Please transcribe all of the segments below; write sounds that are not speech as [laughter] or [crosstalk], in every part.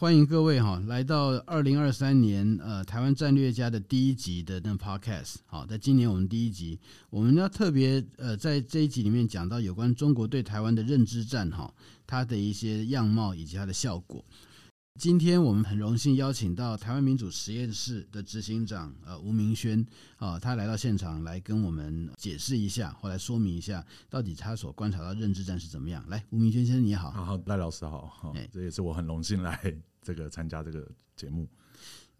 歡迎各位哈，來到二零二三年呃台灣戰略家的第一集的那個 Podcast。好，在今年我們第一集，我們要特別呃在這一集裡面講到有關中國對台灣的認知戰哈，它的一些樣貌以及它的效果。今天我們很榮幸邀請到台灣民主實驗室的執行長呃吳銘軒啊，他來到現場來跟我們解釋一下，或來說明一下到底他所觀察到認知戰是怎麼樣。來，吳銘軒先生你好，啊、好，賴老師好，好，這也是我很榮幸來。這個參加這個節目，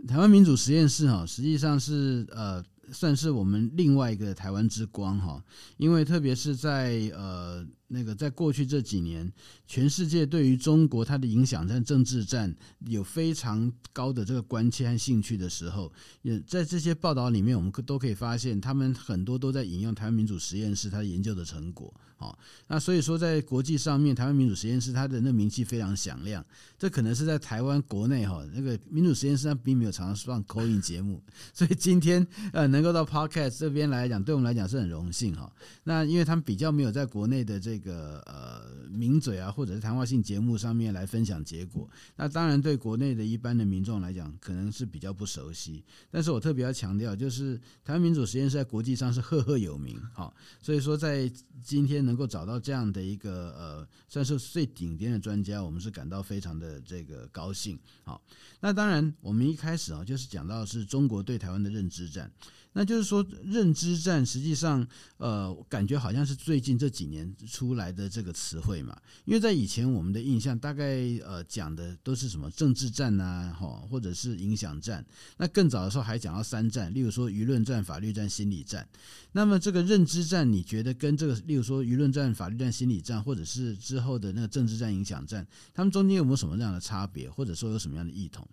台灣民主實驗室哈，實際上是呃，算是我們另外一個台灣之光哈，因為特別是在呃。那個在過去這幾年，全世界對於中國它的影響戰、政治戰有非常高的這個關切和興趣的時候，也在這些報道裡面，我們都可以發現，他們很多都在引用台灣民主實驗室他研究的成果。好那所以說，在國際上面，台灣民主實驗室它的那個名氣非常響亮。這可能是在台灣國內哈，那個民主實驗室上並沒有常常放 call-in 節目，所以今天呃，能夠到 Podcast 這邊來講，對我們來講是很榮幸哈。那因為他們比較沒有在國內的這個。一、這個呃，名嘴啊，或者是談話性節目上面來分享結果。那當然，對國內的一般的民眾來講，可能是比較不熟悉。但是我特別要強調，就是台灣民主實驗室在國際上是赫赫有名，好、哦，所以說在今天能夠找到這樣的一個呃，算是最頂尖的專家，我們是感到非常的這個高興。好、哦，那當然，我們一開始啊，就是講到是中國對台灣的認知戰。那就是說，認知戰實際上，呃，感覺好像是最近這幾年出來的這個詞彙嘛。因為在以前我們的印象，大概呃講的都是什麼政治戰吶、啊，或者是影響戰。那更早的時候還講到三戰，例如說輿論戰、法律戰、心理戰。那麼這個認知戰，你覺得跟這個例如說輿論戰、法律戰、心理戰，或者是之後的那個政治戰、影響戰，他們中間有沒有什麼樣的差別，或者說有什麼樣的異同？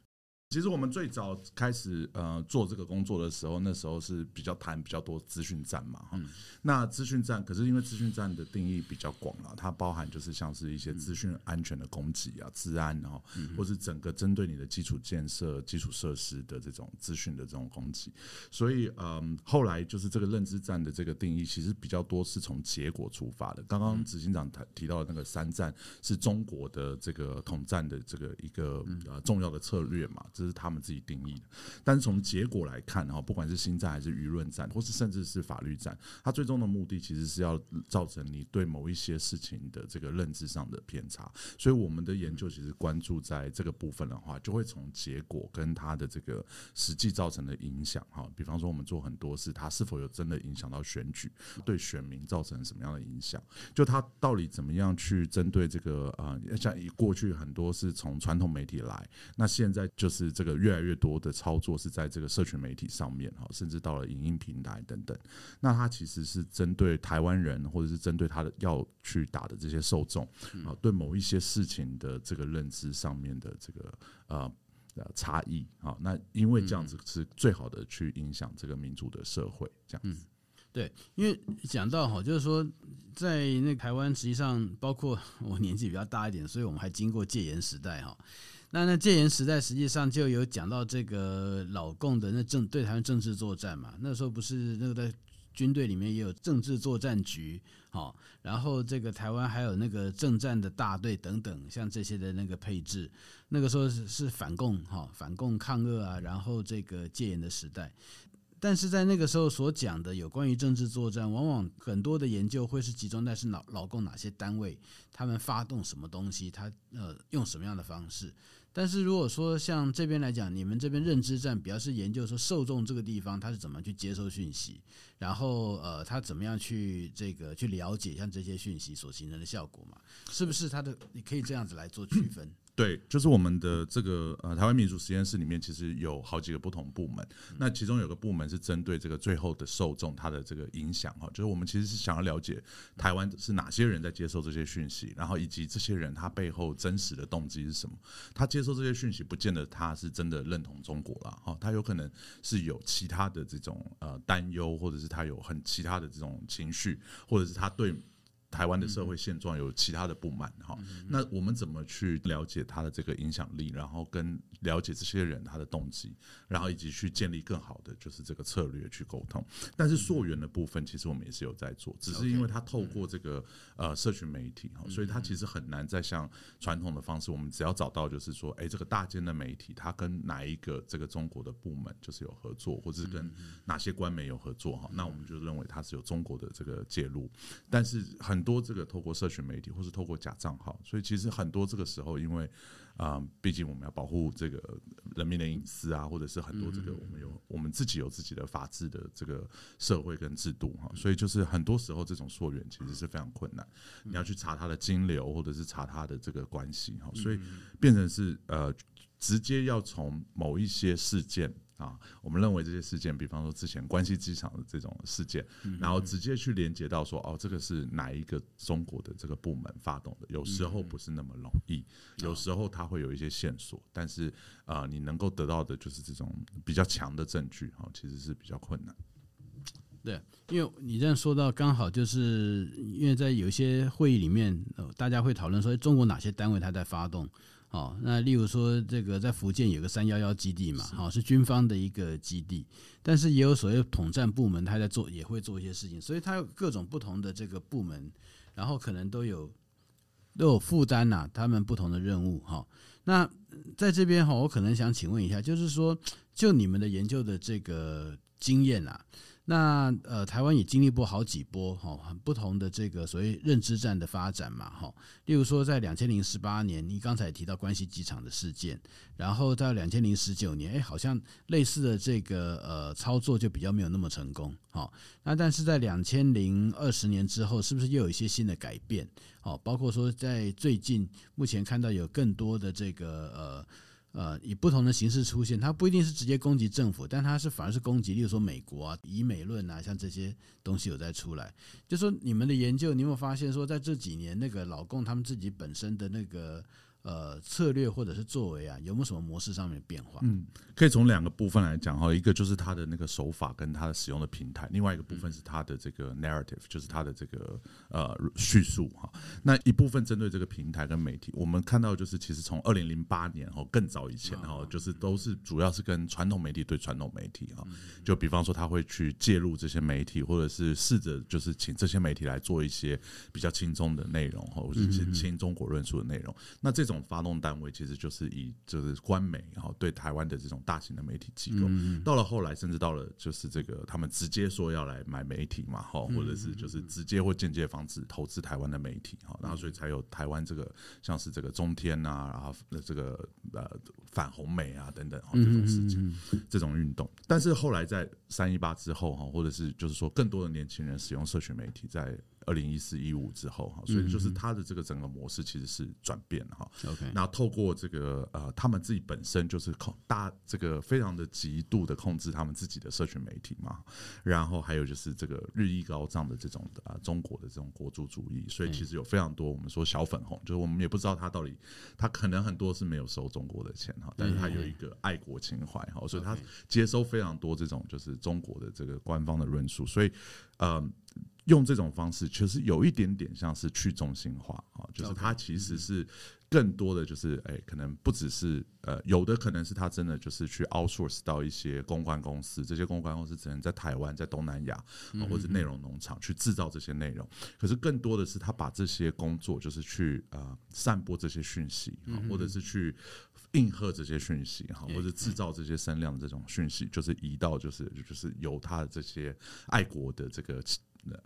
其實我們最早開始呃做這個工作的時候，那時候是比較談比較多資訊戰嘛哈，嗯。那資訊戰，可是因為資訊戰的定義比較廣啊，它包含就是像是一些資訊安全的攻擊啊、治、嗯、安啊，或是整個針對你的基礎建設、基礎設施的這種資訊的這種攻擊。所以嗯，後來就是這個認知戰的這個定義，其實比較多是從結果出發的。剛剛執行長談提到的那個三戰是中國的這個統戰的這個一個呃重要的策略嘛。嗯嗯這是他們自己定義的，但是從結果來看，哈，不管是心戰還是輿論戰，或是甚至是法律戰，它最終的目的其實是要造成你對某一些事情的這個認知上的偏差。所以，我們的研究其實關注在這個部分的話，就會從結果跟它的這個實際造成的影響，哈。比方說，我們做很多事，它是否有真的影響到選舉，對選民造成什麼樣的影響？就它到底怎麼樣去針對這個？啊。像過去很多是從傳統媒體來，那現在就是。這個越來越多的操作是在這個社群媒體上面哈，甚至到了影音平台等等。那它其實是針對台灣人，或者是針對他的要去打的這些受眾，啊，對某一些事情的這個認知上面的這個呃呃差異啊。那因為這樣子是最好的去影響這個民主的社會，這樣子，嗯。對，因為講到哈，就是說在那台灣，實際上包括我年紀比較大一點，所以我們還經過戒嚴時代哈。那那戒嚴時代實際上就有講到這個老共的那政對台灣政治作戰嘛，那時候不是那個在軍隊裡面也有政治作戰局，好，然後這個台灣還有那個政戰的大隊等等，像這些的那個配置，那個時候是反共哈，反共抗俄啊，然後這個戒嚴的時代，但是在那個時候所講的有關於政治作戰，往往很多的研究會是集中在是老老共哪些單位他們發動什麼東西，他呃用什麼樣的方式。但是如果說像這邊來講，你們這邊認知戰比較是研究說受眾這個地方他是怎麼去接收訊息，然後呃他怎麼樣去這個去了解像這些訊息所形成的效果嘛，是不是他的你可以這樣子來做區分？嗯對，就是我們的這個呃，台灣民主實驗室裡面其實有好幾個不同部門，那其中有個部門是針對這個最後的受眾他的這個影響哈，就是我們其實是想要了解台灣是哪些人在接受這些訊息，然後以及這些人他背後真實的動機是什麼，他接受這些訊息不見得他是真的認同中國了哈，他有可能是有其他的這種呃擔憂，或者是他有很其他的這種情緒，或者是他對。台灣的社會現狀有其他的不滿哈、嗯？那我們怎麼去了解他的這個影響力，然後跟了解這些人他的動機，然後以及去建立更好的就是這個策略去溝通。但是溯源的部分，其實我們也是有在做，只是因為他透過這個、嗯、呃社群媒體哈、嗯，所以他其實很難再像傳統的方式，我們只要找到就是說，誒、欸，這個大間的媒體他跟哪一個這個中國的部門就是有合作，或是跟哪些官媒有合作哈、嗯？那我們就認為他是有中國的這個介入，但是很。多這個透過社群媒體，或是透過假賬號，所以其實很多這個時候，因為啊，呃、畢竟我們要保護這個人民的隱私啊，或者是很多這個我們有我們自己有自己的法治的這個社會跟制度哈，所以就是很多時候這種溯源其實是非常困難，你要去查他的金流，或者是查他的這個關係哈，所以變成是呃直接要從某一些事件。啊，我們認為這些事件，比方說之前關西機場的這種事件、嗯，然後直接去連接到說，哦，這個是哪一個中國的這個部門發動的？有時候不是那麼容易，嗯、有時候它會有一些線索，哦、但是啊、呃，你能夠得到的就是這種比較強的證據，哈、哦，其實是比較困難。對，因為你這樣說到，剛好就是因為在有些會議裡面，呃、大家會討論說，中國哪些單位它在發動。哦，那例如說這個在福建有個三幺幺基地嘛，好，是，是軍方的一個基地，但是也有所謂統戰部門，他在做也會做一些事情，所以他有各種不同的這個部門，然後可能都有都有負擔吶、啊，他們不同的任務哈、哦。那在這邊哈、哦，我可能想請問一下，就是說就你們的研究的這個經驗啊。那呃，台灣也經歷過好幾波哈，哦、很不同的這個所謂認知戰的發展嘛哈、哦。例如說，在2018年，你剛才提到關西機場的事件，然後到2019年，哎、欸，好像類似的這個呃操作就比較沒有那麼成功哈、哦。那但是在2020年之後，是不是又有一些新的改變？哦，包括說在最近，目前看到有更多的這個呃。呃，以不同的形式出現，它不一定是直接攻擊政府，但它是反而是攻擊，例如說美國啊、疑美論啊，像這些東西有在出來。就說你們的研究，你有沒有發現說，在這幾年那個老共他們自己本身的那個。呃，策略或者是作為啊，有沒有什麼模式上面的變化？嗯，可以從兩個部分來講哈，一個就是他的那個手法跟他的使用的平台，另外一個部分是他的這個 narrative，就是他的這個呃敘述哈。那一部分針對這個平台跟媒體，我們看到就是其實從二零零八年然後更早以前哈，就是都是主要是跟傳統媒體對傳統媒體哈，就比方說他會去介入這些媒體，或者是試着就是請這些媒體來做一些比較輕鬆的內容或者是輕中國論述的內容。那這種發動單位其實就是以就是官媒哈，對台灣的這種大型的媒體機構，到了後來甚至到了就是這個他們直接說要來買媒體嘛哈，或者是就是直接或間接防止投資台灣的媒體哈，然後所以才有台灣這個像是這個中天啊，然後這個呃反紅媒啊等等哈，這種事情這種運動，但是後來在三一八之後哈，或者是就是說更多的年輕人使用社群媒體在。二零一四一五之後哈，所以就是他的這個整個模式其實是轉變哈。OK，那透過這個呃，他們自己本身就是控大這個非常的極度的控制他們自己的社群媒體嘛，然後還有就是這個日益高漲的這種的、啊、中國的這種國族主義，所以其實有非常多我們說小粉紅，就是我們也不知道他到底他可能很多是沒有收中國的錢哈，但是他有一個愛國情懷哈，所以他接收非常多這種就是中國的這個官方的論述，所以嗯、呃。用這種方式其實、就是，有一點點像是去中心化，就是它其實是更多的就是、欸、可能不只是呃，有的可能是他真的就是去 outsource 到一些公關公司，這些公關公司只能在台灣、在東南亞或者內容農場去制造這些內容。可是更多的是他把這些工作就是去啊、呃，散播這些訊息或者是去應和這些訊息哈，或者制造這些聲量的這種訊息，就是移到就是就是由他的這些愛國的這個。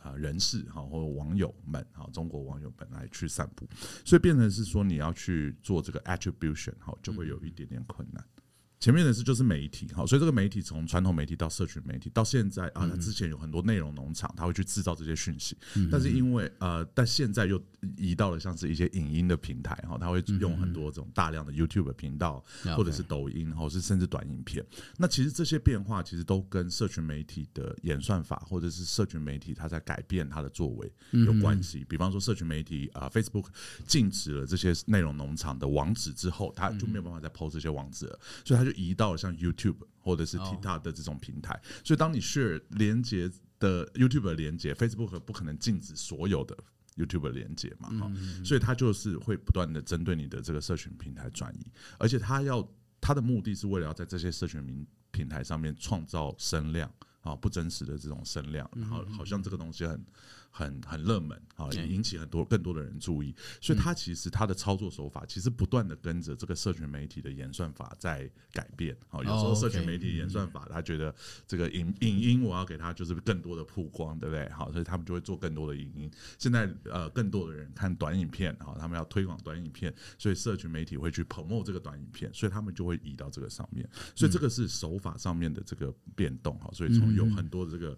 啊，人士哈，或網友們哈，中國網友們來去散步，所以變成是說你要去做這個 attribution 哈，就會有一點點困難。嗯。嗯前面的是就是媒體哈，所以這個媒體從傳統媒體到社群媒體到現在啊，它之前有很多內容農場，他會去製造這些訊息，但是因為呃，但現在又移到了像是一些影音的平台哈，他會用很多這種大量的 YouTube 頻道或者是抖音，或者是甚至短影片。那其實這些變化其實都跟社群媒體的演算法或者是社群媒體它在改變它的作為有關係。比方說，社群媒體啊、呃，Facebook 禁止了這些內容農場的網址之後，它就沒有辦法再 PO 這些網址了，所以它就。移到像 YouTube 或者是 TikTok 的這種平台，所以當你 share 連接的 YouTube 的連接，Facebook 不可能禁止所有的 YouTube 的連接嘛？哈，所以它就是會不斷的針對你的這個社群平台轉移，而且它要它的目的是為了要在這些社群平平台上面創造聲量啊，不真實的這種聲量，然後好像這個東西很。很很熱門好，也引起很多更多的人注意，所以他其實他的操作手法其實不斷的跟着這個社群媒體的演算法在改變好，有時候社群媒體演算法，他覺得這個影影音我要給他就是更多的曝光，對不對？好，所以他們就會做更多的影音。現在呃，更多的人看短影片好，他們要推廣短影片，所以社群媒體會去 promote 這個短影片，所以他們就會移到這個上面，所以這個是手法上面的這個變動啊，所以從有很多的這個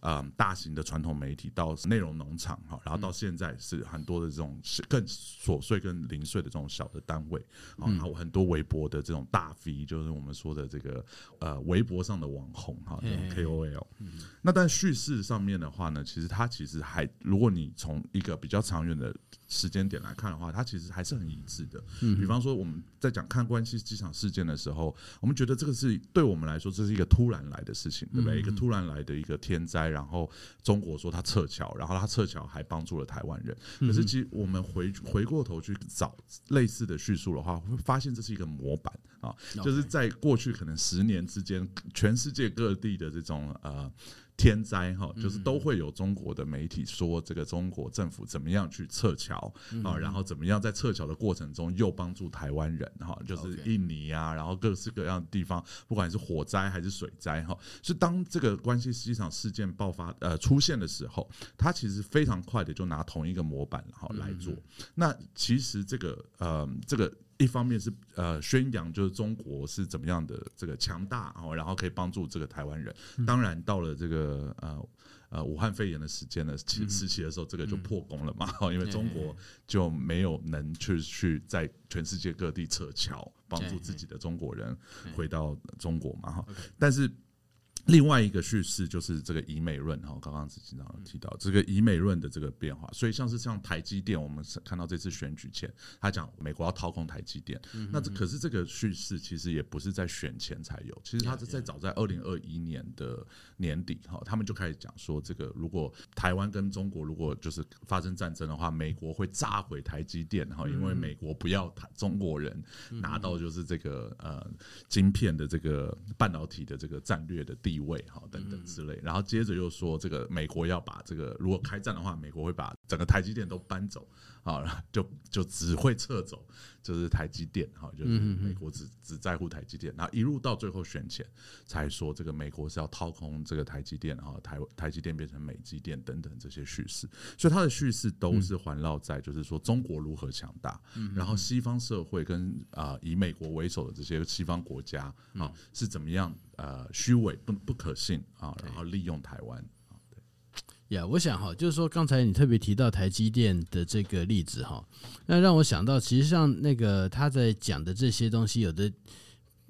嗯、呃、大型的傳統媒體到內容種農場哈，然後到現在是很多的這種更瑣碎跟零碎的這種小的單位，然後很多微博的這種大 V，就是我們說的這個呃微博上的網紅哈、就是 KOL 嘿嘿嘿。那但敘事上面的話呢，其實它其實還，如果你從一個比較長遠的。時間點來看的話，它其實還是很一致的。嗯、比方說我們在講看關西機場事件的時候，我們覺得這個是對我們來說這是一個突然來的事情，對不對？嗯、一個突然來的一個天災，然後中國說他撤僑，然後他撤僑還幫助了台灣人、嗯。可是，其實我們回回過頭去找類似的敘述的話，會發現這是一個模板啊，okay. 就是在過去可能十年之間，全世界各地的這種呃。天災哈，就是都會有中國的媒體說，這個中國政府怎麼樣去撤僑啊，然後怎麼樣在撤僑的過程中又幫助台灣人哈，就是印尼啊，然後各式各樣的地方，不管是火災還是水災哈，是當這個關係實際上事件爆發呃出現的時候，他其實非常快的就拿同一個模板哈來做。那其實這個呃這個。一方面是呃宣揚就是中國是怎麼樣的這個強大哦，然後可以幫助這個台灣人，嗯。當然到了這個呃呃武漢肺炎的時間呢，起時期的時候，這個就破功了嘛，嗯，因為中國就沒有能去去在全世界各地撤僑，幫，嗯嗯，助自己的中國人回到中國嘛哈，嗯嗯。但是。另外一個敘事就是這個疑美論，哈、哦，剛剛是經常提到、嗯、這個疑美論的這個變化，所以像是像台積電，我們看到這次選舉前，他講美國要掏空台積電，嗯嗯那這可是這個敘事其實也不是在選前才有，其實他是在早在二零二一年的年底，哈、哦，他們就開始講說，這個如果台灣跟中國如果就是發生戰爭的話，美國會炸毀台積電，哈、哦，因為美國不要中國人拿到就是這個呃晶片的這個半導體的這個戰略的地。地位哈，等等之類，然後接着又說這個美國要把這個如果開戰的話，美國會把整個台積電都搬走啊，就就只會撤走，就是台積電哈，就是美國只只在乎台積電，然後一路到最後選前才說這個美國是要掏空這個台積電哈，台台積電變成美積電等等這些敘事，所以它的敘事都是環繞在就是說中國如何強大，然後西方社會跟啊以美國為首的這些西方國家啊是怎麼樣。呃，虛偽不，不可信啊，然後利用台灣對呀，對 yeah, 我想哈，就是說剛才你特別提到台積電的這個例子哈，那讓我想到，其實像那個他在講的這些東西，有的。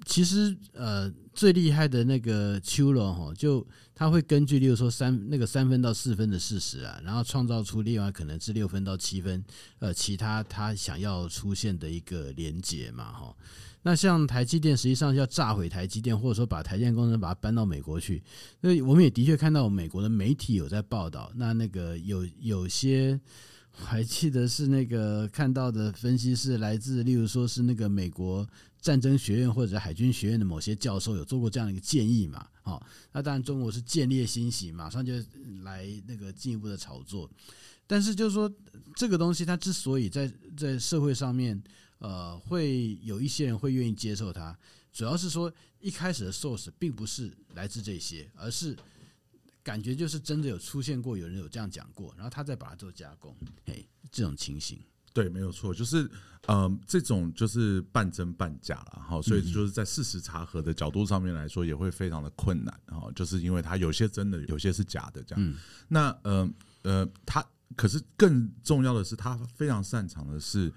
其實，呃，最厲害的那個丘隆吼，就他會根據，例如說三那個三分到四分的事實啊，然後創造出另外可能是六分到七分，呃，其他他想要出現的一個連結嘛，吼，那像台積電，實際上要炸毀台積電，或者說把台積電工程把它搬到美國去，那我們也的確看到美國的媒體有在報道那那個有有些，我還記得是那個看到的分析是來自，例如說是那個美國。戰爭學院或者海軍學院的某些教授有做過這樣的一個建議嘛？好，那當然中國是見獵心喜，馬上就來那個進一步的炒作。但是就是說，這個東西它之所以在在社會上面，呃，會有一些人會願意接受它，主要是說一開始的 source 並不是來自這些，而是感覺就是真的有出現過，有人有這樣講過，然後他再把它做加工，哎，這種情形。對，沒有錯，就是嗯、呃，這種就是半真半假了哈，所以就是在事實查核的角度上面來說，也會非常的困難哈，就是因為他有些真的，有些是假的這樣。嗯、那呃呃，他、呃、可是更重要的是，他非常擅長的是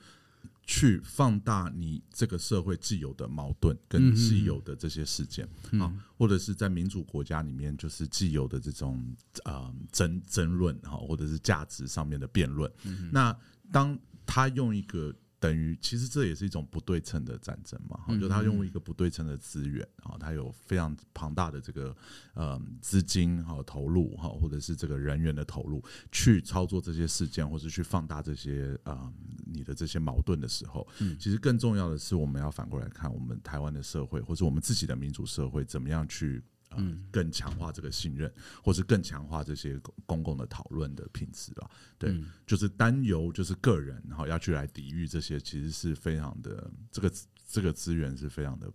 去放大你這個社會既有的矛盾跟既有的這些事件啊、嗯嗯，或者是在民主國家裡面，就是既有的這種啊、呃，爭爭論哈，或者是價值上面的辯論、嗯。那當他用一個等於，其實這也是一種不對稱的戰爭嘛。就他用一個不對稱的資源，啊，他有非常龐大的這個呃資金哈投入哈，或者是這個人員的投入，去操作這些事件，或者去放大這些啊你的這些矛盾的時候，嗯，其實更重要的是，我們要反過來看我們臺灣的社會，或者我們自己的民主社會，怎麼樣去。嗯，更強化這個信任，或是更強化這些公共的討論的品質對，嗯，就是單由就是個人，然後要去來抵御這些，其實是非常的這個這個資源是非常的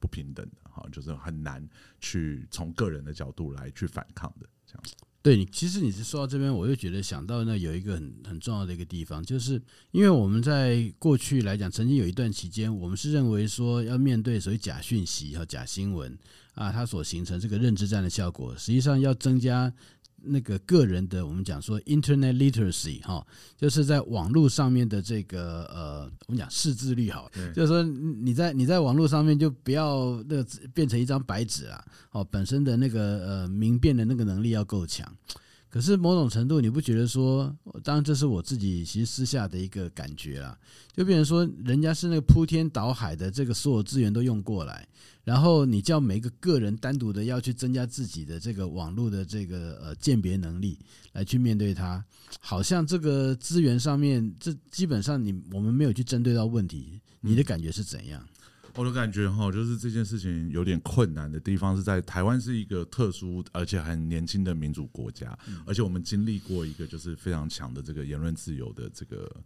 不平等的，哈，就是很難去從個人的角度來去反抗的。這樣子，對，你其實你是說到這邊，我就覺得想到那有一個很很重要的一個地方，就是因為我們在過去來講，曾經有一段期間，我們是認為說要面對所謂假訊息和假新聞。啊，它所形成這個認知戰的效果，實際上要增加那個個人的，我們講說 Internet literacy 哈、哦，就是在網絡上面的這個呃，我們講識字率好，就是說你在你在網絡上面就不要那個變成一張白紙啊，哦，本身的那個呃明辨的那個能力要夠強。可是某種程度，你不覺得說，當然這是我自己其實私下的一個感覺啦。就變成說，人家是那個鋪天倒海的，這個所有資源都用過來，然後你叫每一個個人單獨的要去增加自己的這個網絡的這個呃鑑別能力來去面對它，好像這個資源上面這基本上你我們沒有去針對到問題，你的感覺是怎樣？我的感覺哈，就是這件事情有點困難的地方是在台灣，是一個特殊而且很年輕的民主國家，而且我們經歷過一個就是非常強的這個言論自由的這個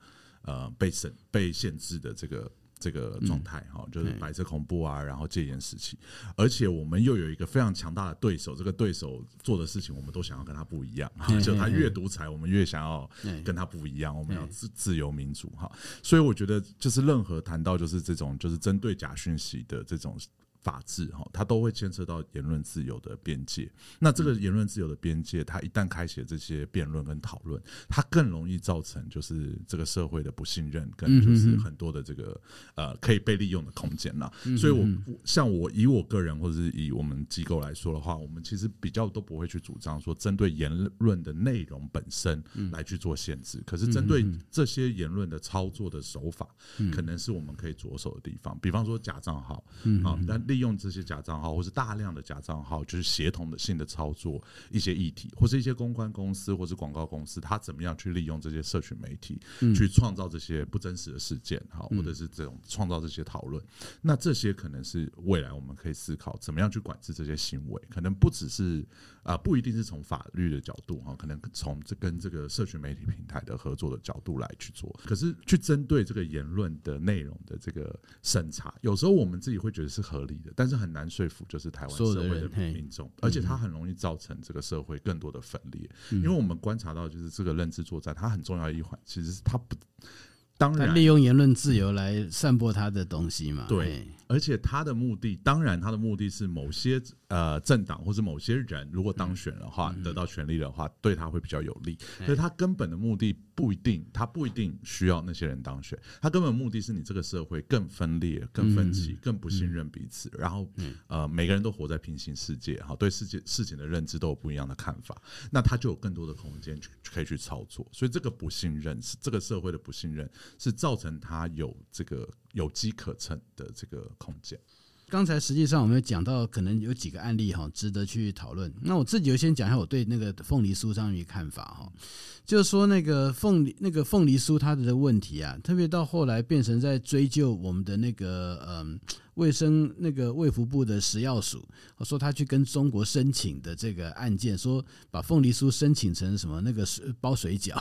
呃被審被限制的這個。這個狀態哈、嗯哦，就是白色恐怖啊、嗯，然後戒嚴時期。而且我們又有一個非常強大的對手，這個對手做的事情，我們都想要跟他不一樣。嗯、哈就他越獨裁、嗯，我們越想要跟他不一樣，嗯、我們要自、嗯、自由民主哈。所以我覺得，就是任何談到就是這種就是針對假訊息的這種。法治哈，它都會牽涉到言論自由的邊界。那這個言論自由的邊界，它一旦開啟這些辯論跟討論，它更容易造成就是這個社會的不信任，跟就是很多的這個、嗯、呃可以被利用的空間了、嗯。所以我像我以我個人或者是以我們機構來說的話，我們其實比較都不會去主張說針對言論的內容本身來去做限制。可是針對這些言論的操作的手法、嗯，可能是我們可以着手的地方。比方說假賬號，啊、嗯，嗯利用這些假賬號，或是大量的假賬號，就是協同的性的操作一些議題，或是一些公關公司，或是廣告公司，它怎麼樣去利用這些社群媒體，去創造這些不真實的事件，哈、嗯，或者是這種創造這些討論。嗯、那這些可能是未來我們可以思考怎麼樣去管制這些行為，可能不只是啊、呃，不一定是從法律的角度哈，可能從這跟這個社群媒體平台的合作的角度來去做。可是去針對這個言論的內容的這個審查，有時候我們自己會覺得是合理。但是很難說服，就是台灣社會的民眾，而且它很容易造成這個社會更多的分裂。因為我們觀察到，就是這個認知作戰，它很重要的一環，其實是它不當然利用言論自由來散播它的東西嘛？對。而且他的目的，當然他的目的是某些呃政黨或者某些人，如果當選的話，嗯，得到權力的話，嗯、對他會比較有利，嗯。可是他根本的目的不一定，他不一定需要那些人當選。他根本的目的是你這個社會更分裂，更分歧，嗯、更不信任彼此。嗯、然後、嗯、呃，每個人都活在平行世界哈，對世界事情的認知都有不一樣的看法。那他就有更多的空間去可以去操作。所以這個不信任是這個社會的不信任，是造成他有這個。有機可乘的這個空間。剛才實際上我們有講到，可能有幾個案例哈，值得去討論。那我自己就先講一下我對那個鳳梨酥上面看法哈，就是說那個鳳梨那個鳳梨酥它的問題啊，特別到後來變成在追究我們的那個嗯、呃。衛生那個衛福部的食藥署，我說他去跟中國申請的這個案件，說把鳳梨酥申請成什麼那個水包水餃，對、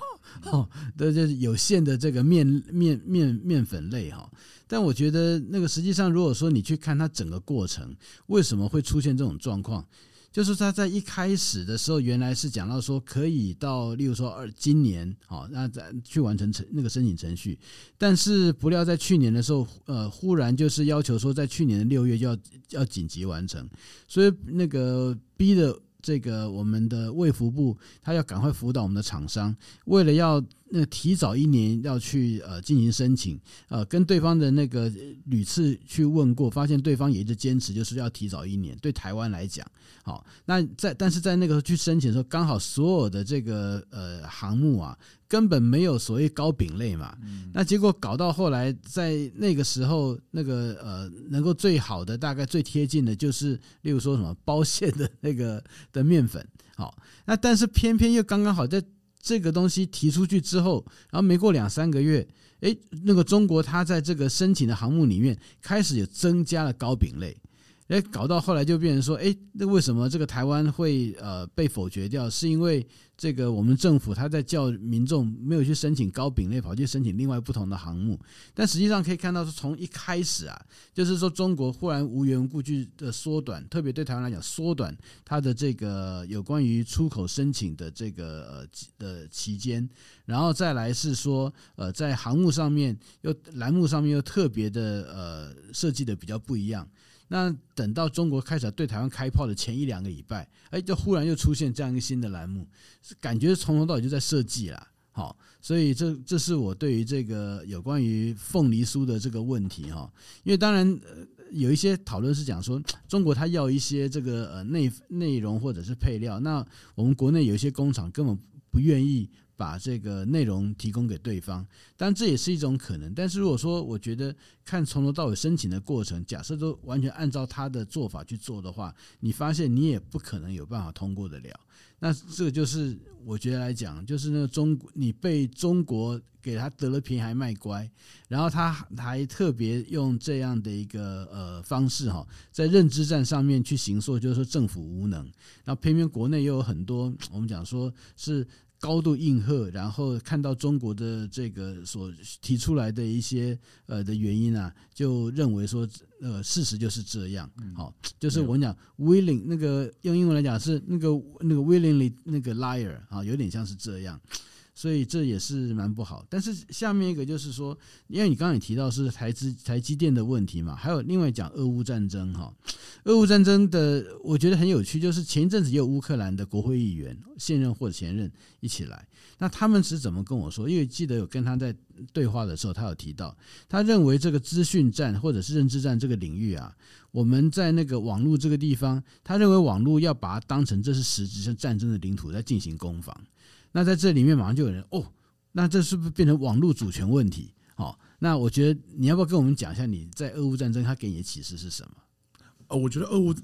嗯哦，就是、有限的這個面面面面粉類哈。但我覺得那個實際上，如果說你去看它整個過程，為什麼會出現這種狀況？就是他在一開始的時候，原來是講到說可以到，例如說二今年，哦，那咱去完成程那個申請程序，但是不料在去年的時候，呃，忽然就是要求說在去年的六月就要要緊急完成，所以那個逼的這個我們的衛福部，他要趕快輔導我們的廠商，為了要。那提早一年要去呃進行申請，呃，跟對方的那個屢次去問過，發現對方也一直堅持就是要提早一年。對台灣來講，好，那在但是在那個時候去申請的時候，剛好所有的這個呃航母啊根本沒有所謂糕餅類嘛、嗯，那結果搞到後來在那個時候那個呃能夠最好的大概最貼近的就是例如說什麼包餡的那個的麵粉，好，那但是偏偏又剛剛好在。這個東西提出去之後，然後沒過兩三個月，哎，那個中國它在這個申請的航母裡面開始有增加了糕餅類。哎，搞到後來就變成說，哎、欸，那為什麼這個台灣會呃被否決掉？是因為這個我們政府他在叫民眾沒有去申請糕餅類，跑去申請另外不同的航母，但實際上可以看到，是從一開始啊，就是說中國忽然無緣無故去的縮短，特別對台灣來講，縮短它的這個有關於出口申請的這個、呃、的期間，然後再來是說，呃，在航母上面又欄目上面又特別的呃設計的比較不一樣。那等到中國開始對臺灣開炮的前一兩個禮拜，哎，就忽然又出現這樣一個新的欄目，是感覺從頭到尾就在設計了，好，所以這這是我對於這個有關於鳳梨酥的這個問題哈。因為當然，呃，有一些討論是講說中國他要一些這個呃內內容或者是配料，那我們國內有些工廠根本不願意。把這個內容提供給對方，但這也是一種可能。但是如果說，我覺得看從頭到尾申請的過程，假設都完全按照他的做法去做的話，你發現你也不可能有辦法通過得了。那這個就是我覺得來講，就是那個中，你被中國給他得了便宜還賣乖，然後他還特別用這樣的一個呃方式哈，在認知戰上面去行說，就是說政府無能。那偏偏國內又有很多我們講說是。高度應和，然後看到中國的這個所提出來的一些呃的原因啊，就認為說呃事實就是這樣，好、嗯哦，就是我講 willing 那個用英文來講是那個那個 willingly 那個 liar 啊、哦，有點像是這樣。所以這也是蠻不好。但是下面一個就是說，因為你剛才也提到是台資台積電的問題嘛，還有另外講俄烏戰爭哈。俄烏戰爭的我覺得很有趣，就是前一陣子也有烏克蘭的國會議員現任或者前任一起來，那他們是怎麼跟我說？因為記得有跟他在對話的時候，他有提到，他認為這個資訊戰或者是認知戰這個領域啊，我們在那個網絡這個地方，他認為網絡要把它當成這是實質上戰爭的領土在進行攻防。那在這裡面馬上就有人哦，那這是不是變成網絡主權問題？好、哦，那我覺得你要不要跟我們講一下你在俄烏戰爭他給你的啟示是什麼？呃、哦，我覺得俄烏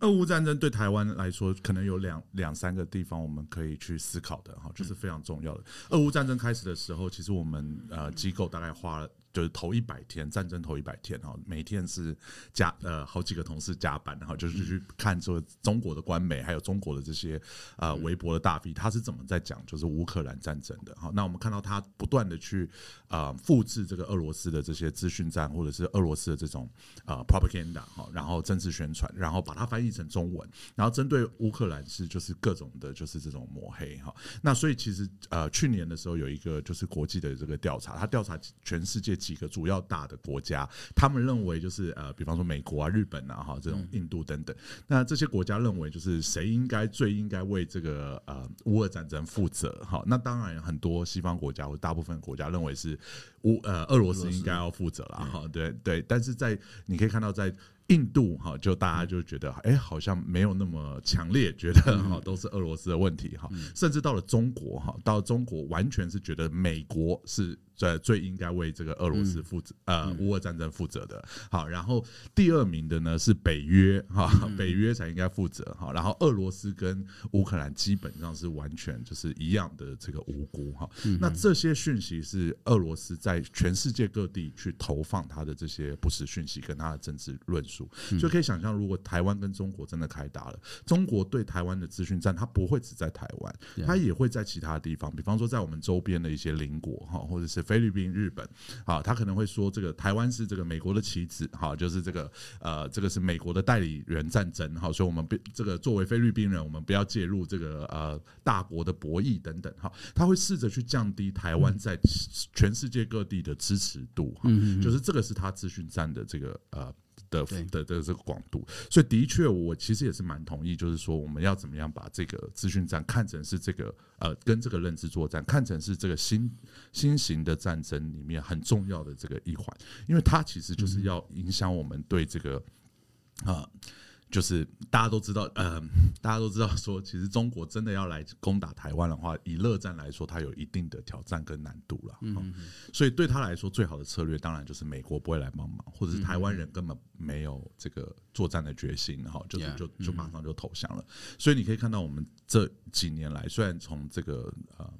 俄烏戰爭對台灣來說可能有兩兩三個地方我們可以去思考的哈，這、就是非常重要的、嗯。俄烏戰爭開始的時候，其實我們呃機構大概花了。就是頭一百天，戰爭頭一百天哈，每天是加呃好幾個同事加班，然後就是去看說中國的官媒，還有中國的這些呃微博的大 V，他是怎麼在講就是烏克蘭戰爭的哈。那我們看到他不斷的去啊、呃、複製這個俄羅斯的這些資訊戰，或者是俄羅斯的這種呃 propaganda 哈，然後政治宣傳，然後把它翻譯成中文，然後針對烏克蘭是就是各種的就是這種抹黑哈。那所以其實呃去年的時候有一個就是國際的這個調查，他調查全世界。幾個主要大的國家，他們認為就是呃，比方說美國啊、日本啊、哈、喔，這種印度等等。嗯嗯那這些國家認為就是誰應該最應該為這個呃烏俄戰爭負責？哈、喔，那當然很多西方國家或大部分國家認為是烏呃俄羅斯應該要負責了哈。嗯、對對，但是在你可以看到，在印度哈、喔，就大家就覺得哎、嗯嗯欸，好像沒有那麼強烈覺得哈、喔，都是俄羅斯的問題哈。喔、嗯嗯甚至到了中國哈、喔，到中國完全是覺得美國是。最最應該為這個俄羅斯負責，呃，烏俄戰爭負責的。好，然後第二名的呢是北約，哈，北約才應該負責，哈。然後俄羅斯跟烏克蘭基本上是完全就是一樣的這個無辜，哈。那這些訊息是俄羅斯在全世界各地去投放他的這些不實訊息跟他的政治論述，就可以想象，如果台灣跟中國真的開打了，中國對台灣的資訊戰，它不會只在台灣，它也會在其他地方，比方說在我們周邊的一些鄰國，哈，或者是。菲律賓、日本，好，他可能會說這個台灣是這個美國的棋子，哈，就是這個呃，這個是美國的代理人戰爭，哈，所以我們不這個作為菲律賓人，我們不要介入這個呃大國的博弈等等，哈，他會試着去降低台灣在全世界各地的支持度，哈，就是這個是他資訊戰的這個呃的的的這個廣度，所以的確，我其實也是蠻同意，就是說我們要怎麼樣把這個資訊戰看成是這個呃跟這個認知作戰看成是這個新。新型的戰爭裡面很重要的這個一環，因為它其實就是要影響我們對這個啊、呃，就是大家都知道，嗯，大家都知道說，其實中國真的要來攻打台灣的話，以熱戰來說，它有一定的挑戰跟難度了。嗯，所以對他來說，最好的策略當然就是美國不會來幫忙，或者是台灣人根本沒有這個作戰的決心，哈，就是就就馬上就投降了。所以你可以看到，我們這幾年來，雖然從這個啊、呃。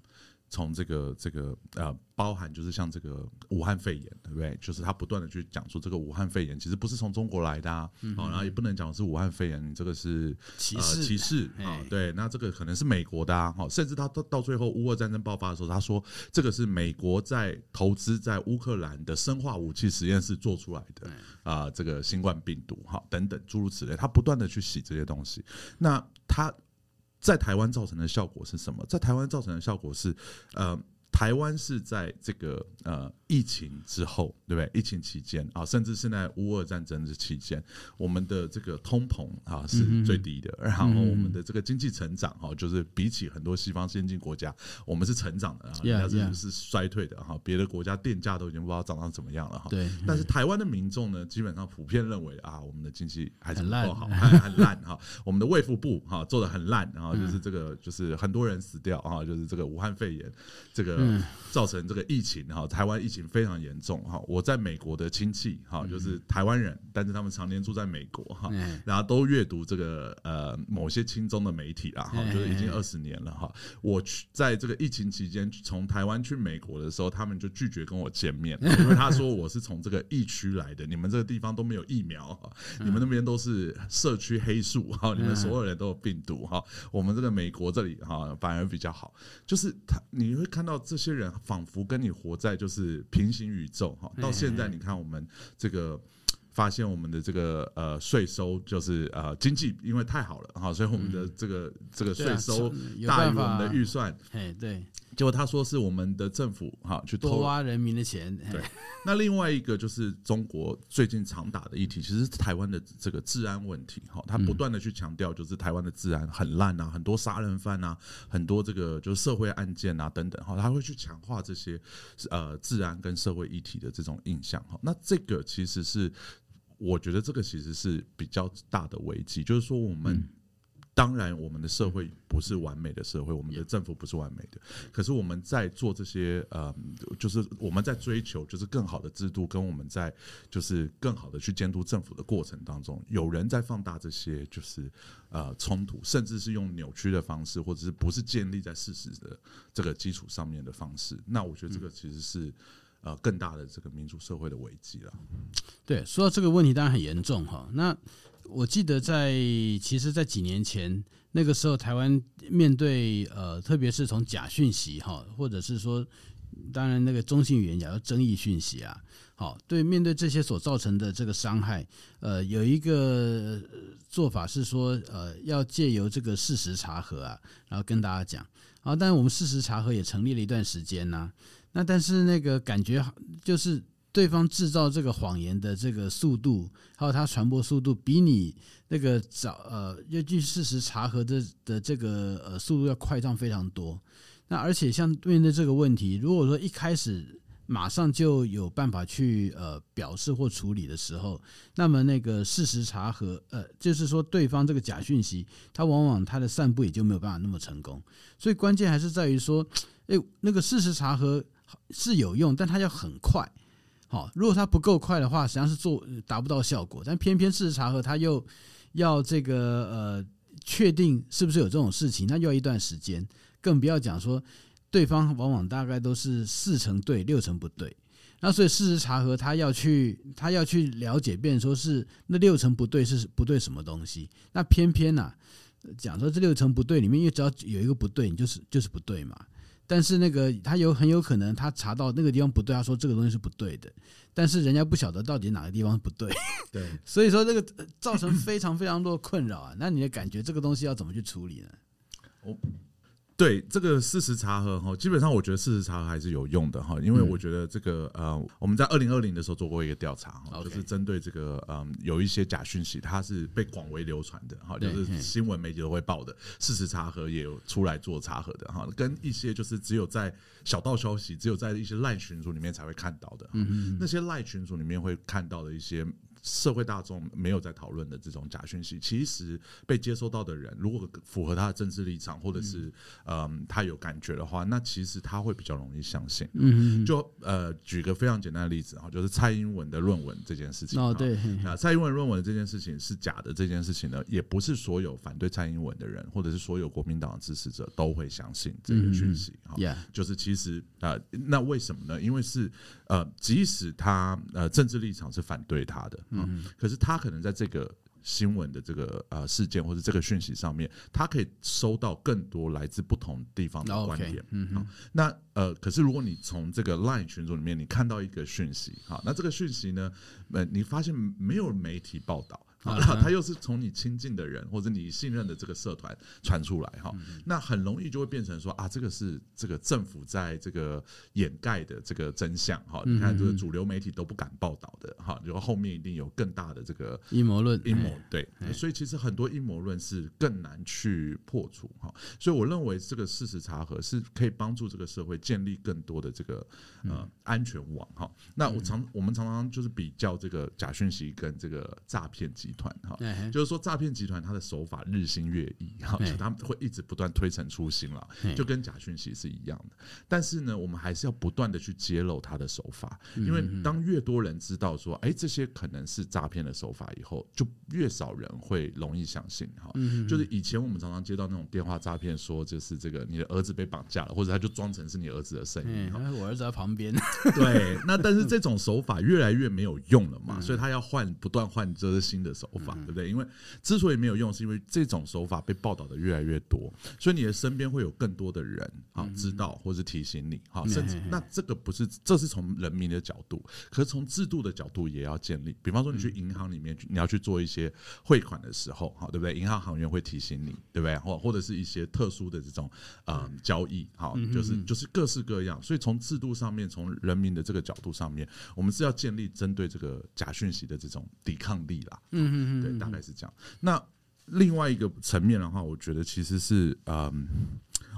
從這個這個呃，包含就是像這個武漢肺炎，對不對？就是他不斷的去講出這個武漢肺炎其實不是從中國來的啊，啊、嗯。然後也不能講是武漢肺炎，這個是歧視、呃、歧視啊、呃。對，那這個可能是美國的啊，好，甚至他到到最後烏俄戰爭爆發的時候，他說這個是美國在投資在烏克蘭的生化武器實驗室做出來的啊、呃，這個新冠病毒哈、呃、等等諸如此類，他不斷的去洗這些東西，那他。在台灣造成的效果是什麼？在台灣造成的效果是，呃。台灣是在這個呃疫情之後，對不對？疫情期間啊，甚至是在烏俄戰爭的期間，我們的這個通膨啊是最低的，mm -hmm. 然後我們的這個經濟成長哈、啊，就是比起很多西方先進國家，我們是成長的，啊、人家是是衰退的哈。Yeah, yeah. 別的國家電價都已經不知道漲到怎麼樣了哈。對。但是台灣的民眾呢，基本上普遍認為啊，我們的經濟還是不夠好很爛哈、 [laughs] 啊。我們的衛福部哈、啊、做得很爛，然、啊、後就是這個、嗯、就是很多人死掉啊，就是這個武漢肺炎這個。嗯，造成這個疫情哈，台灣疫情非常嚴重哈。我在美國的親戚哈，就是台灣人，但是他們常年住在美國哈，然後都閱讀這個呃某些親中的媒體啦。哈，就是已經二十年了哈。我去在這個疫情期間從台灣去美國的時候，他們就拒絕跟我見面，因為他說我是從這個疫區來的，你們這個地方都沒有疫苗，你們那邊都是社區黑數哈，你們所有人都有病毒哈，我們這個美國這裡哈反而比較好，就是他你會看到。這些人仿佛跟你活在就是平行宇宙哈，到現在你看我們這個發現，我們的這個呃稅收就是呃經濟因為太好了哈，所以我們的這個、嗯啊、這個稅收大於我們的預算，嘿對。結果他說是我們的政府哈去偷挖人民的錢。對，那另外一個就是中國最近常打的議題，其實台灣的這個治安問題哈，他不斷的去強調就是台灣的治安很爛啊，很多殺人犯啊，很多這個就是社會案件啊等等哈，他會去強化這些呃治安跟社會議題的這種印象哈。那這個其實是我覺得這個其實是比較大的危機，就是說我們。當然，我們的社會不是完美的社會，我們的政府不是完美的。可是我們在做這些，呃，就是我們在追求，就是更好的制度，跟我們在就是更好的去監督政府的過程當中，有人在放大這些，就是呃衝突，甚至是用扭曲的方式，或者是不是建立在事實的這個基礎上面的方式。那我覺得這個其實是呃更大的這個民主社會的危機了。對，說到這個問題，當然很嚴重哈。那。我記得在其實，在幾年前那個時候，台灣面對呃，特別是從假訊息哈，或者是說，當然那個中性語言也要爭議訊息啊，好，對，面對這些所造成的這個傷害，呃，有一個做法是說，呃，要借由這個事實查核啊，然後跟大家講啊。好，但我們事實查核也成立了一段時間呢、啊。那但是那個感覺就是。對方製造這個謊言的這個速度，還有它傳播速度，比你那個找呃，要據事實查核的的這個呃速度要快上非常多。那而且像面對這個問題，如果說一開始馬上就有辦法去呃表示或處理的時候，那麼那個事實查核呃，就是說對方這個假訊息，它往往它的散布也就沒有辦法那麼成功。所以關鍵還是在於說，哎，那個事實查核是有用，但它要很快。好，如果他不夠快的話，實際上是做達不到效果。但偏偏事實查核，他又要這個呃，確定是不是有這種事情，那要一段時間。更不要講說，對方往往大概都是四成對，六成不對。那所以事實查核，他要去他要去了解，變說是那六成不對是不對什麼東西。那偏偏吶、啊，講說這六成不對裡面，因為只要有一個不對，你就是就是不對嘛。但是那個他有很有可能他查到那個地方不對，他說這個東西是不對的，但是人家不曉得到底哪個地方不對， [laughs] 對，所以說這個造成非常非常多的困擾啊。那你的感覺這個東西要怎麼去處理呢？Oh. 對，這個事實查核哈，基本上我覺得事實查核還是有用的哈，因為我覺得這個、嗯、呃，我們在二零二零的時候做過一個調查，就是針對這個嗯、呃，有一些假訊息它是被廣為流傳的哈，就是新聞媒體都會報的，事實查核也有出來做查核的哈，跟一些就是只有在小道消息、只有在一些賴群組裡面才會看到的，那些賴群組裡面會看到的一些。社會大眾沒有在討論的這種假訊息，其實被接收到的人，如果符合他的政治立場，或者是嗯、呃、他有感覺的話，那其實他會比較容易相信。嗯，就呃舉個非常簡單的例子哈，就是蔡英文的論文這件事情。哦，對。那蔡英文論文這件事情是假的這件事情呢，也不是所有反對蔡英文的人，或者是所有國民黨支持者都會相信這個訊息。哈、嗯，哦 Yeah. 就是其實呃那為什麼呢？因為是呃即使他呃政治立場是反對他的。嗯，可是他可能在這個新聞的這個呃事件或者這個訊息上面，他可以收到更多來自不同地方的觀點。Okay, 嗯，好、嗯，那呃，可是如果你從這個 Line 群組裡面你看到一個訊息，好，那這個訊息呢，呃，你發現沒有媒體報道。啊，它又是從你親近的人或者你信任的這個社團傳出來哈，那很容易就會變成說啊，這個是這個政府在這個掩蓋的這個真相哈。你看這個主流媒體都不敢報道的哈，然後後面一定有更大的這個陰謀論，陰謀，對。所以其實很多陰謀論是更難去破除哈。所以我認為這個事實查核是可以幫助這個社會建立更多的這個呃安全網哈。那我常我們常常就是比較這個假訊息跟這個詐騙機。團哈，就是說詐騙集團他的手法日新月異哈，他們會一直不斷推陳出新了，就跟假訊息是一樣的。但是呢，我們還是要不斷的去揭露他的手法，因為當越多人知道說，哎、欸，這些可能是詐騙的手法以後，就越少人會容易相信哈。就是以前我們常常接到那種電話詐騙，說就是這個你的兒子被綁架了，或者他就裝成是你兒子的聲音。我兒子在旁邊。對，那但是這種手法越來越沒有用了嘛，所以他要換，不斷換這些新的。手法對不對？因為之所以沒有用，是因為這種手法被報道的越來越多，所以你的身邊會有更多的人、啊、知道，或是提醒你好、啊，甚至那這個不是，這是從人民的角度，可是從制度的角度也要建立。比方說，你去銀行裡面，你要去做一些匯款的時候，啊、對不對？銀行行員會提醒你，對不對？或或者是一些特殊的這種嗯、呃、交易，好、啊，就是就是各式各樣。所以從制度上面，從人民的這個角度上面，我們是要建立針對這個假訊息的這種抵抗力啦。嗯。嗯， [noise] 對，大概是這樣。那另外一個層面的話，我覺得其實是，嗯，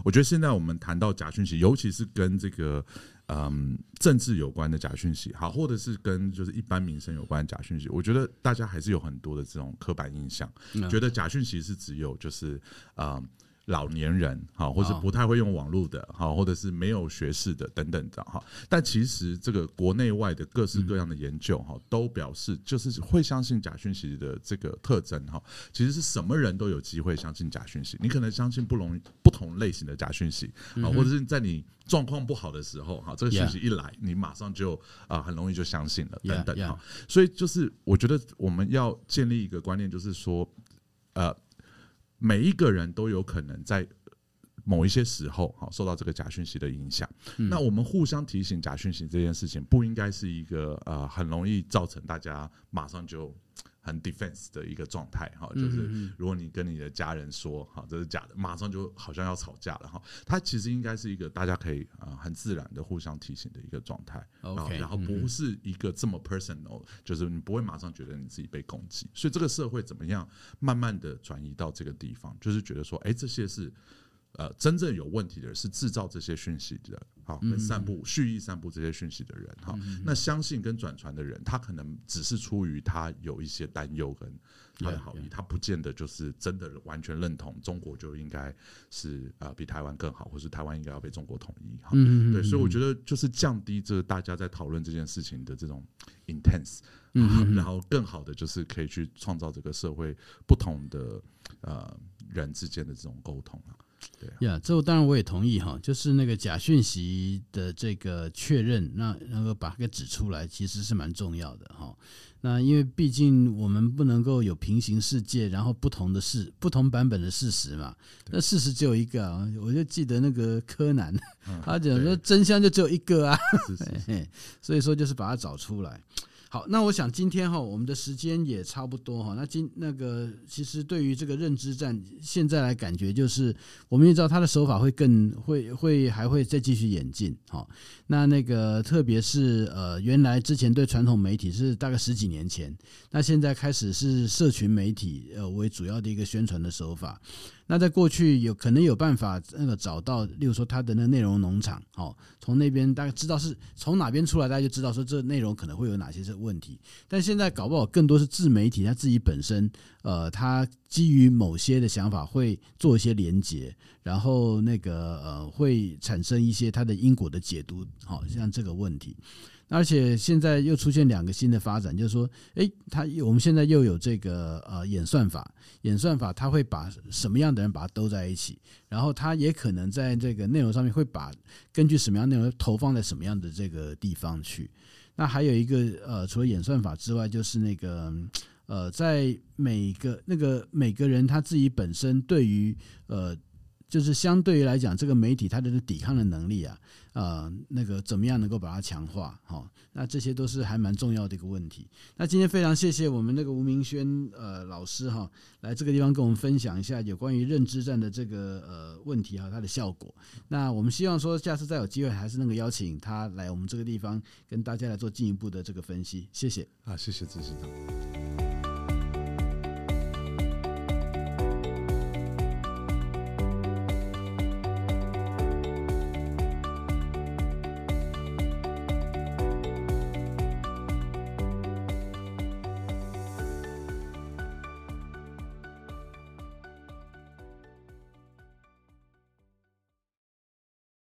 我覺得現在我們談到假訊息，尤其是跟這個，嗯，政治有關的假訊息，好，或者是跟就是一般民生有關的假訊息，我覺得大家還是有很多的這種刻板印象， [noise] 覺得假訊息是只有就是，嗯。老年人哈，或是不太會用網絡的哈，或者是沒有學識的等等的哈。但其實這個國內外的各式各樣的研究哈，都表示就是會相信假訊息的這個特徵哈。其實是什麼人都有機會相信假訊息，你可能相信不容易不同類型的假訊息啊，或者是在你狀況不好的時候哈，這個訊息一來，你馬上就啊很容易就相信了等等哈。所以就是我覺得我們要建立一個觀念，就是說呃。每一個人都有可能在某一些時候，好受到這個假訊息的影響。嗯。那我們互相提醒假訊息這件事情，不應該是一個呃很容易造成大家馬上就。很 defense 的一個狀態哈，就是如果你跟你的家人說哈，這是假的，馬上就好像要吵架了哈。它其實應該是一個大家可以啊很自然的互相提醒的一個狀態，OK，然後不是一個這麼 personal，嗯，就是你不會馬上覺得你自己被攻擊。所以這個社會怎麼樣，慢慢的轉移到這個地方，就是覺得說，欸，這些是呃真正有問題的人是制造這些訊息的。好、哦，散布、嗯、蓄意散布這些訊息的人，哈、哦嗯嗯，那相信跟轉傳的人，他可能只是出於他有一些擔憂跟他的好意，yeah, yeah. 他不見得就是真的完全認同中國就應該是啊、呃、比台灣更好，或是台灣應該要被中國統一，哈、嗯嗯嗯，對，所以我覺得就是降低這大家在討論這件事情的這種 intense，嗯嗯嗯、啊、然後更好的就是可以去創造這個社會不同的呃人之間的這種溝通對呀，yeah, 這當然我也同意哈，就是那個假訊息的這個確認，那能夠把它給指出來，其實是蠻重要的哈。那因為畢竟我們不能夠有平行世界，然後不同的事、不同版本的事實嘛。那事實只有一個啊，我就記得那個柯南，他講說真相就只有一個啊，嗯、 [laughs] 所以說就是把它找出來。好，那我想今天哈，我們的時間也差不多哈。那今那個其實對於這個認知戰，現在來感覺就是，我們也知道他的手法會更會會還會再繼續演進。哈，那那個特別是呃，原來之前對傳統媒體是大概十幾年前，那現在開始是社群媒體呃為主要的一個宣傳的手法。那在過去有可能有辦法那個找到，例如說他的那內容農場，好，從那邊大概知道是從哪邊出來，大家就知道說這內容可能會有哪些問題。但現在搞不好更多是自媒體他自己本身，呃，他基於某些的想法會做一些連接，然後那個呃會產生一些它的因果的解讀，好像這個問題。而且現在又出現兩個新的發展，就是說，誒，他我們現在又有這個呃演算法，演算法它會把什麼樣的人把它兜在一起，然後它也可能在這個內容上面會把根據什麼樣的內容投放在什麼樣的這個地方去。那還有一個呃，除了演算法之外，就是那個呃，在每個那個每個人他自己本身對於呃。就是相對於來講，這個媒體它的抵抗的能力啊，呃，那個怎麼樣能夠把它強化？哈、哦，那這些都是還蠻重要的一個問題。那今天非常謝謝我們那個吳銘軒呃老師哈、哦，來這個地方跟我們分享一下有關於認知戰的這個呃問題哈，它的效果。那我們希望說下次再有機會還是能夠邀請他來我們這個地方跟大家來做進一步的這個分析。謝謝啊，謝謝支持。